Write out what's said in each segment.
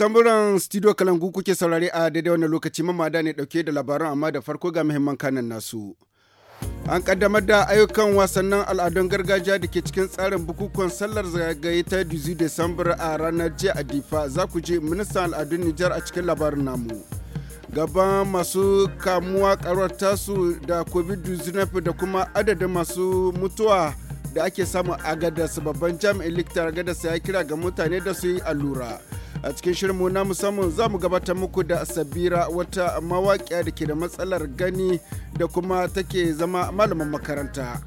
Tamburan studio Kalangu kuke saurare a daidai wannan lokaci mamada ne dauke da labaran amma da farko ga muhimman kanan nasu. An kaddamar da ayyukan wasannin al'adun gargajiya da ke cikin tsarin bukukuwan sallar zagaye ta 12 Desambar a ranar jiya a Difa za ku je ministan al'adun Nijar a cikin labarin namu. Gaban masu kamuwa karuwar tasu da COVID-19 da kuma adadin masu mutuwa da ake samu a gadas babban jami'in liktar gadas ya kira ga mutane da su yi allura. a cikin shirinmu na musamman za mu gabatar muku da sabira wata mawaƙiya da ke da matsalar gani da kuma take zama malamin makaranta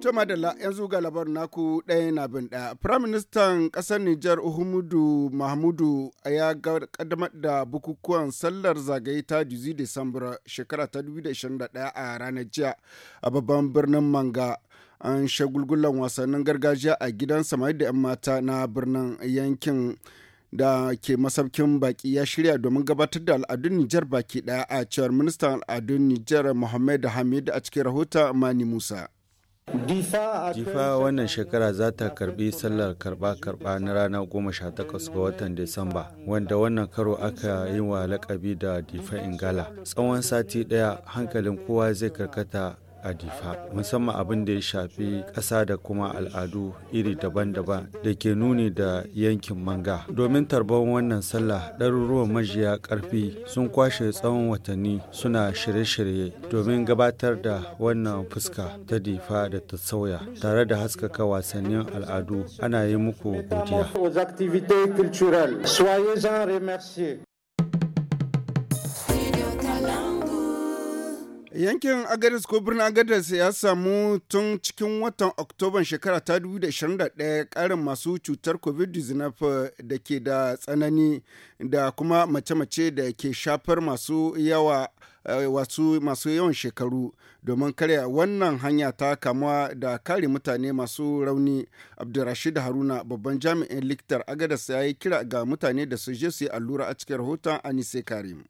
To madalla yanzu ga labarin naku ɗaya na bin ɗaya. Firaministan ƙasar Nijar Uhumudu Mahmudu ya kaddamar da bukukuwan sallar zagaye ta Juzi desambar shekara ta 2021 a ranar jiya a babban birnin Manga. an shagulgulan wasannin gargajiya a gidan samari da 'yan mata na birnin yankin da ke masaukin baki ya shirya domin gabatar da al'adun Nijar baki daya a cewar ministan al'adun Nijar Muhammad Hamid a cikin rahoton Mani Musa. Jifa wannan shekara za ta karbi sallar karba-karba na ranar 18 ga watan Disamba, wanda wannan karo aka yi wa lakabi da Difa Ingala. Tsawon sati ɗaya hankalin kowa zai karkata a difa musamman abin da ya shafi ƙasa da kuma al'adu iri daban-daban da ke nuni da yankin manga domin tarban wannan sallah ɗaruruwan majiya ƙarfi sun kwashe tsawon watanni suna shirye-shirye domin gabatar da wannan fuska ta difa da ta sauya tare da haskaka wasannin al'adu ana yi muku godiya Yankin agadis ko birnin agadis ya samu tun cikin watan Oktoban shekara ta 2021 karin masu cutar COVID-19 da ke da tsanani da kuma mace-mace da ke shafar masu yawa eh, wasu masu yawan shekaru domin karya wannan hanya ta kamuwa da kare mutane masu rauni abdurrashid haruna babban jami'in likitar agadas ya yi kira ga mutane da su je su yi allura a cikin rahoton anise karim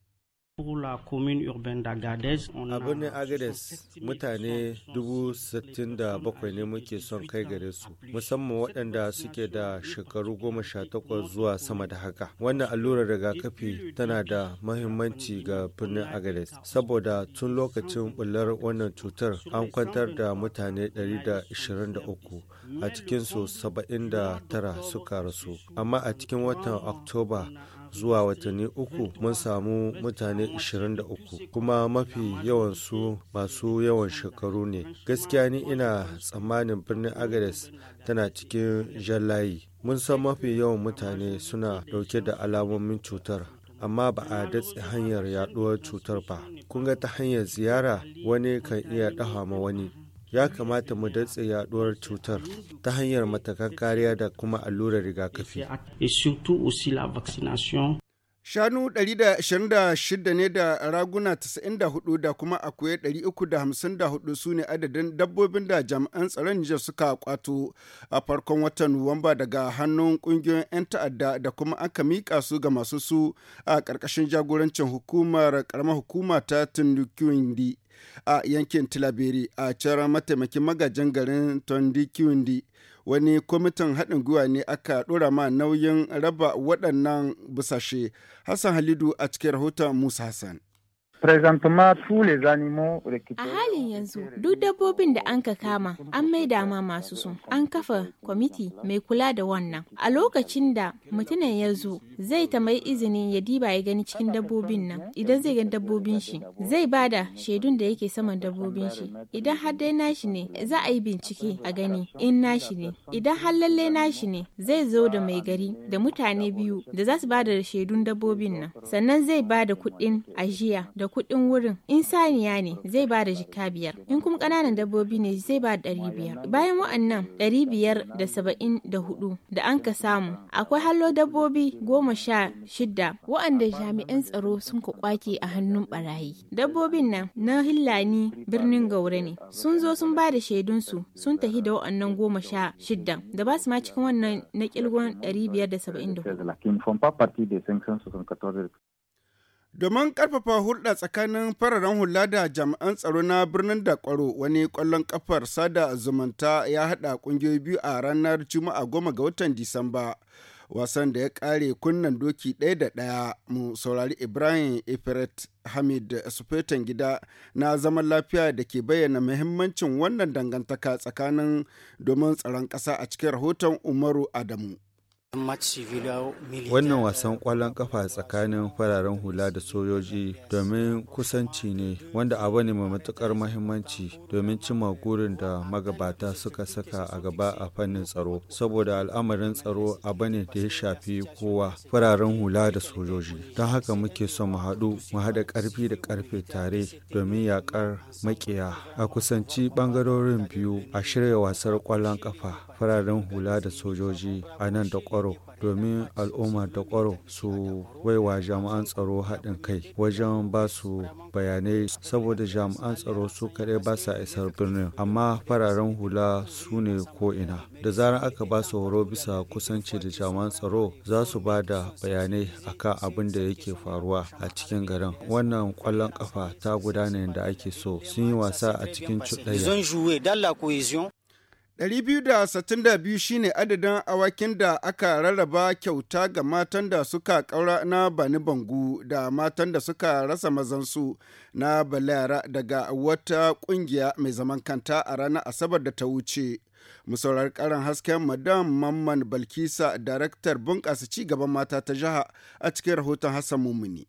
birnin agades mutane 67 ne muke son kai gare su musamman waɗanda suke da shekaru 18 zuwa sama da haka wannan allurar rigakafi tana da mahimmanci ga birnin agades saboda tun lokacin bular wannan cutar an kwantar da mutane 123 a cikinsu 79 suka rasu amma a cikin watan oktoba zuwa watanni uku mun samu mutane 23 kuma mafi yawansu masu yawan shekaru ne gaskiya ni ina tsammanin birnin agades tana cikin jan layi mun san mafi yawan mutane suna dauke da alamomin cutar amma ba a datse hanyar yaduwar cutar ba kun ga ta hanyar ziyara wani kan iya ɗaha ma wani ya kamata mu datse yaduwar cutar ta hanyar matakan kariya da kuma allurar rigakafi. Shanu 126 ne da raguna 94 da kuma akwai 354 su ne adadin dabbobin da jami'an tsaron Nijar suka kwato a farkon watan Nuwamba daga hannun kungiyoyin 'yan ta'adda da kuma aka mika su ga masu su a ƙarƙashin jagorancin hukumar ƙaramar hukuma ta Tundukiwindi a yankin Tilaberi a cewar mataimakin magajin garin Tundukiwindi. wani kwamitin haɗin gwiwa ne aka ɗora ma nauyin raba waɗannan busashe. Hassan Halidu a cikin rahoton Musa Hassan. A halin yanzu duk dabbobin da an ka kama an maida ma masu su an kafa kwamiti mai kula da wannan. A lokacin da mutumin ya zo zai ta mai izinin ya diba ya gani cikin dabbobin nan idan zai gani dabbobin shi zai ba da shaidun da yake saman dabbobin shi idan har dai nashi ne za a yi bincike a gani in nashi ne idan har lalle nashi ne zai zo da mai gari da mutane biyu da za su ba da shaidun dabbobin nan sannan zai ba da kuɗin ajiya da kuɗin wurin in saniya ne zai ba da jika biyar in kuma ƙananan dabbobi ne zai ba da ɗari biyar bayan wa'annan ɗari biyar da saba'in da hudu da an ka samu akwai hallo dabbobi goma sha shida wa'anda jami'an tsaro sun ka kwake a hannun barayi dabbobin nan na hillani birnin gaure ne sun zo sun ba da shaidunsu sun tahi da wa'annan goma sha shida da ba su ma cikin wannan na kilgon ɗari biyar da saba'in da hudu Domin karfafa hulɗa tsakanin fararen hula da jami'an tsaro na birnin Dakwaro wani ƙwallon ƙafar sada zumunta ya haɗa ƙungiyoyi biyu a ranar Juma'a goma ga watan Disamba. Wasan da ya ƙare kunnan doki ɗaya da ɗaya mu saurari Ibrahim Ifrit Hamid Sufetan gida na zaman lafiya da ke bayyana muhimmancin wannan dangantaka tsakanin domin tsaron ƙasa a cikin rahoton Umaru Adamu. Wannan wasan ƙwallon ƙafa tsakanin fararen hula da sojoji domin kusanci ne wanda abu ne mai matuƙar mahimmanci domin cimma gurin da magabata suka saka a gaba a fannin tsaro saboda al'amarin tsaro abu ne da ya shafi kowa fararen hula da sojoji don haka muke son mu haɗu mu haɗa ƙarfi da ƙarfe tare domin yaƙar maƙiya a kusanci ɓangarorin biyu a shirya wasar ƙwallon ƙafa fararen hula da sojoji a nan da kwaro domin al'umma da kwaro su waiwa jami'an tsaro haɗin kai wajen ba su bayanai saboda jami'an tsaro su kaɗai ba sa isar birnin amma fararen hula su ne ko'ina da zarar aka ba su horo bisa kusanci da jami'an tsaro za su ba da bayanai a akan abin da yake faruwa a cikin garin wannan kwallon kafa ta gudana da ake so sun yi wasa a cikin cuɗaya 262 shine adadin awakin da aka rarraba kyauta ga matan da suka kaura na bani bangu da matan da suka rasa mazansu na balara daga wata ƙungiya mai zaman kanta a ranar asabar da ta wuce. musaurar karin hasken madam mamman balkisa daraktar bunƙasa cigaban mata ta jiha a cikin rahoton hassan mumuni.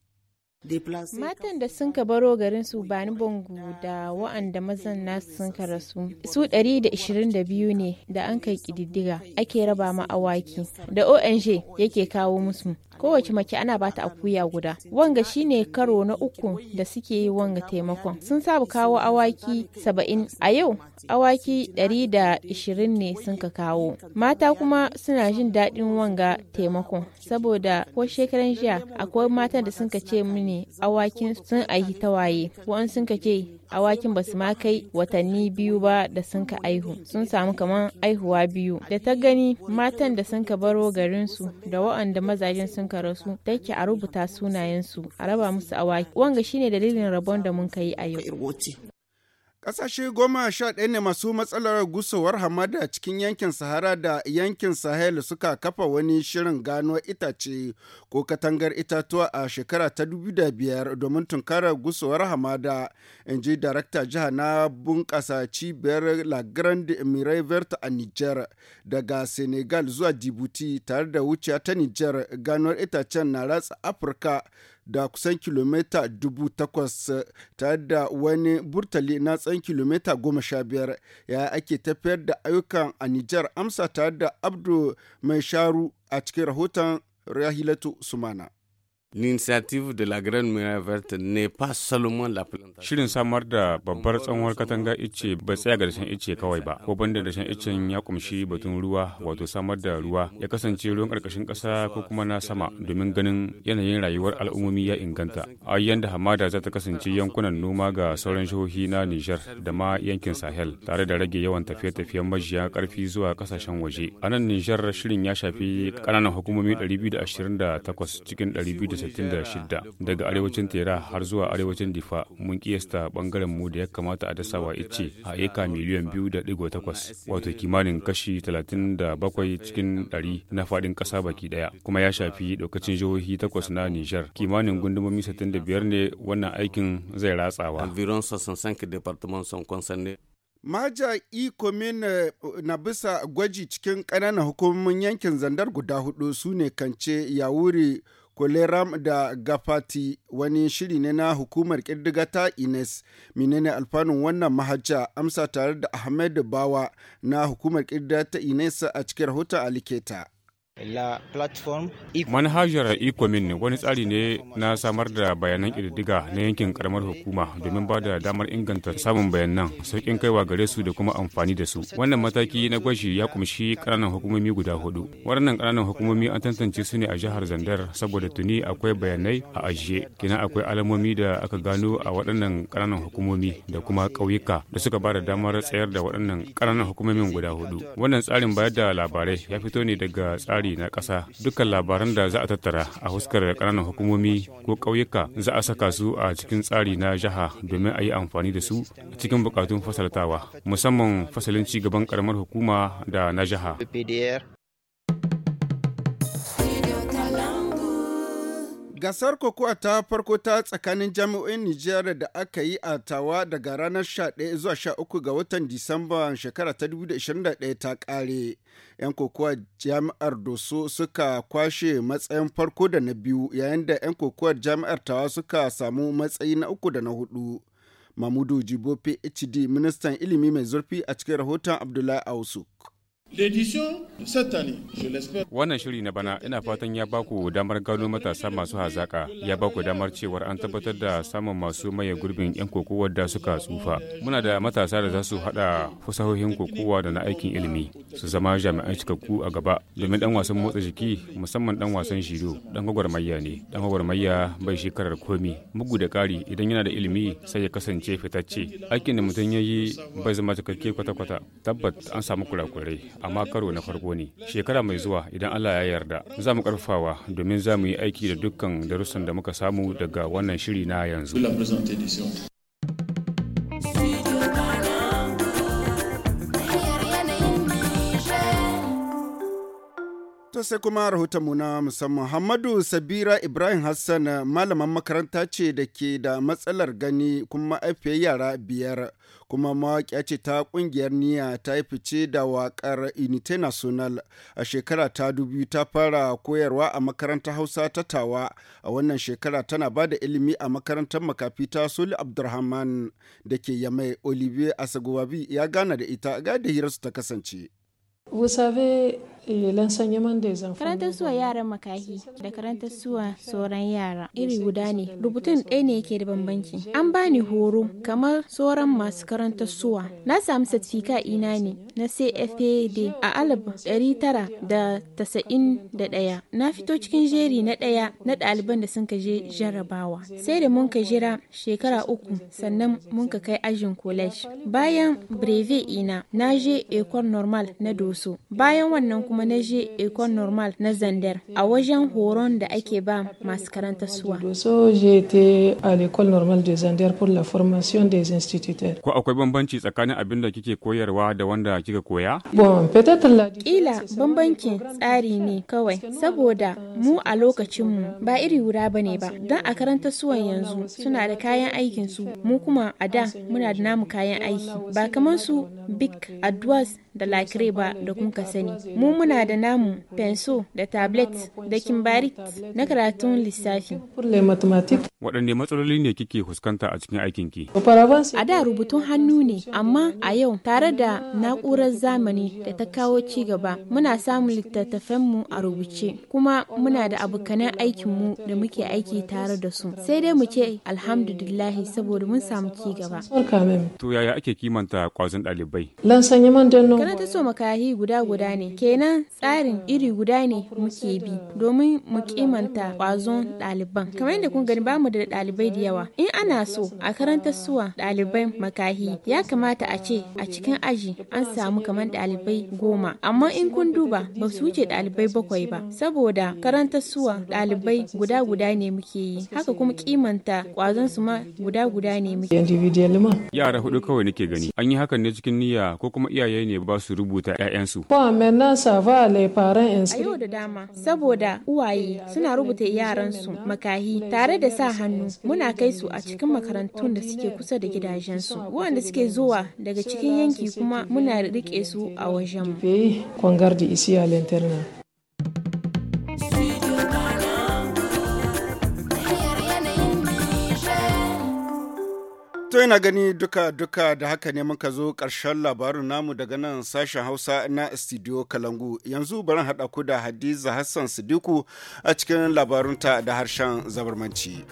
Matan da sun ka baro garin su bani bongo da wa'anda mazan nasu sun ka rasu. Su 122 ne da an kai kididdiga ake raba ma awaki da ONG yake kawo musu. Kowace mace ana bata akuya guda. Wanga shine karo na uku da suke yi wanga taimakon. Sun sabu kawo awaki 70. A yau awaki 120 ne sun ka kawo. Mata kuma suna jin daɗin wanga taimakon saboda ko shekaran jiya akwai matan da sun ka ce mini ne awakin sun aihi tawaye wa'an sun ka ce awakin basu ma kai watanni biyu ba da sun ka aihu sun samu kaman aihuwa biyu da ta gani matan da sun ka baro garinsu da wa'anda mazajen sun ka rasu take a rubuta sunayensu a raba musu awaki wanga shine dalilin rabon da mun kai a yau Ƙasashe goma sha ɗaya ne masu matsalar gusowar hamada cikin yankin Sahara da yankin Sahel suka kafa wani shirin gano itace ko katangar itatuwa a shekara ta biyar domin tunkarar gusowar hamada, in ji darakta jiha na bunƙasa cibiyar La Grande Mirai a Niger daga Senegal zuwa Djibouti tare da wuciya ta Niger ganuwar itacen na ratsa Afirka da kusan kilomita dubu takwas tare da wani burtali na tsan kilomita goma sha biyar ya ake tafiyar da ayyukan a Nijar amsa tare da Abdu Mai Sharu a cikin rahoton Rahilatu Sumana. L'initiative de la Grande Muraille Verte n'est pas seulement la plantation. Shirin samar da babbar tsanwar katanga ice ba tsaya ga dashen ice kawai ba. Ko banda dashen icen ya kumshi batun ruwa wato samar da ruwa ya kasance ruwan karkashin kasa ko kuma na sama domin ganin yanayin rayuwar al'ummomi ya inganta. A yanda hamada za ta kasance yankunan noma ga sauran jihohi na Nijar da ma yankin Sahel tare da rage yawan tafiye-tafiyen majiya karfi zuwa kasashen waje. A nan Nijar shirin ya shafi ƙananan hukumomi 228 cikin 200 66 daga arewacin tera har zuwa arewacin difa mun kiyasta bangaren mu da ya kamata a dasawa ice a eka miliyan 2.8 wato kimanin kashi 37 cikin 100 na faɗin kasa baki daya kuma ya shafi lokacin jihohi takwas na Nijar kimanin gundumomi 65 ne wannan aikin zai ratsawa. Maja Ikome eh, na bisa gwaji cikin ƙananan hukumomin yankin zandar guda hudu su ne kance yawuri koleram da gafati wani shiri ne na hukumar kirdiga ta ines menene alfanun wannan mahajja amsa tare da ahmed bawa na hukumar kirdiga ta ines a cikin rahoton aliketa Manhajar e Ecomin wani tsari ne na samar da bayanan ƙididdiga na yankin karamar hukuma domin ba da damar inganta samun bayanan sauƙin kaiwa gare su da kuma amfani da su. Wannan mataki na gwashi ya kumshi ƙananan hukumomi guda hudu. Waɗannan ƙananan hukumomi an tantance su ne a jihar Zandar saboda tuni akwai bayanai a ajiye. Kina akwai alamomi da aka gano a waɗannan ƙananan hukumomi da kuma ƙauyuka da suka ba da damar tsayar da waɗannan ƙananan hukumomin guda hudu. Wannan tsarin bayar da labarai ya fito ne daga tsari na ƙasa dukkan labaran da za a tattara a huskar ƙananan hukumomi ko ƙauyuka za a saka su a cikin tsari na jiha domin a yi amfani da su a cikin buƙatun fasaltawa musamman fasalin ci gaban ƙaramar hukuma da na jiha. Gasar kokowa ta farko ta tsakanin jami'o'in Nijar da aka yi a tawa daga ranar 11 zuwa 13 ga watan Disamba shekara ta 2021 ta ƙare. 'Yan kokowa jami'ar Doso suka kwashe matsayin farko da na biyu yayin da 'yan kokowar jami'ar tawa suka samu matsayi na uku da na hudu. Mamudu Jibo PhD ministan ilimi mai zurfi a cikin rahoton Abdullahi Ausuk. Wannan shiri na bana ina fatan ya baku damar gano matasa masu hazaka ya baku damar cewar an tabbatar da samun masu maye gurbin 'yan kokowa da suka tsufa. Muna da matasa da za su haɗa fasahohin kokowa da na aikin ilimi su zama jami'an cikakku a gaba domin dan wasan motsa jiki musamman dan wasan shiro dan gwagwarmayya ne dan gwagwarmayya bai shekarar komi mugu da ƙari idan yana da ilimi sai ya kasance fitacce aikin da mutum ya yi bai zama cikakke kwata-kwata tabbat an samu kurakurai amma karo na farko ne shekara mai zuwa idan allah ya yarda za mu karfawa domin za mu yi aiki da dukkan darussan da muka samu daga wannan shiri na yanzu To sai kuma mu na musamman Hamadu Sabira Ibrahim Hassan malaman makaranta ce da ke da matsalar gani kuma mahaifiyar yara biyar kuma mawaƙiya ce ta ƙungiyar niyya ta yi fice da waƙar Unité National a shekara ta dubu ta fara koyarwa a makarantar Hausa ta Tawa a wannan shekara tana ba da ilimi a makarantar makafi ta Soli Abdulrahman da ke Yamai Olivier Asagowabi ya gana da ita ga da hirarsu ta kasance. Vous savez, Eh, karantar suwa yaran makahi da karantar suwa sauran yara iri guda ne rubutun ɗaya ne yake da bambanci. An bani horo kamar sauran masu karantar suwa. Na samu satifika ina ne na CFAD a alab ɗari tara da tasa'in da ɗaya. Na fito cikin jeri na ɗaya na ɗaliban da sun ka je jarrabawa. Sai da mun ka jira shekara uku sannan mun ka kai ajin kolej Bayan breve ina na je Ecole Normal na Doso. Bayan wannan kuma na je Ecole Normal na Zandar a wajen horon da ake ba masu karanta suwa. de zandar pour la formation des Ko akwai bambanci tsakanin abin da kike koyarwa da wanda kika koya? Kila bambancin tsari ne kawai saboda mu a lokacinmu ba iri wura ba ne ba don a karanta suwan yanzu suna da kayan aikin su mu kuma a da muna da namu kayan aiki ba kamar su bik adwas da lakire ba da kuka sani mu muna da namu penso da tablet da kimbarit na karatun lissafi. Waɗanne matsaloli ne kike fuskanta a cikin aikinki? A da rubutun hannu ne, amma a yau tare da na'urar zamani da ta kawo ci gaba muna samun littattafan mu a rubuce kuma muna da abokanan mu da muke aiki tare da su. Sai dai mu ce alhamdulillahi saboda mun samu ci gaba. To yaya ake kimanta kwazon ɗalibai? Kana ta so makahi guda guda ne, kenan wannan tsarin iri guda ne muke bi domin mu kimanta kwazon ɗaliban kamar yadda kun gani bamu da ɗalibai da yawa in ana so a karanta suwa ɗalibai makahi ya kamata a ce a cikin aji an samu kamar ɗalibai goma amma in kun duba ba su wuce ɗalibai bakwai ba saboda karanta suwa ɗalibai guda guda ne muke yi haka kuma kimanta kwazon su ma guda guda ne muke yara hudu kawai nake gani an yi hakan ne cikin niyya ko kuma iyaye ne ba su rubuta 'ya'yansu. A yau da dama, saboda uwaye suna rubuta yaransu makahi tare da sa hannu muna kai su a cikin makarantun da suke kusa da gidajensu. wanda suke zuwa daga cikin yanki kuma muna riƙe su a wajenmu. To ina gani duka-duka da haka ne muka zo karshen labarin namu daga nan sashen Hausa na studio Kalangu. Yanzu barin haɗa ku da Hadiza Hassan Sidiku a cikin labarunta da harshen zabarmanci.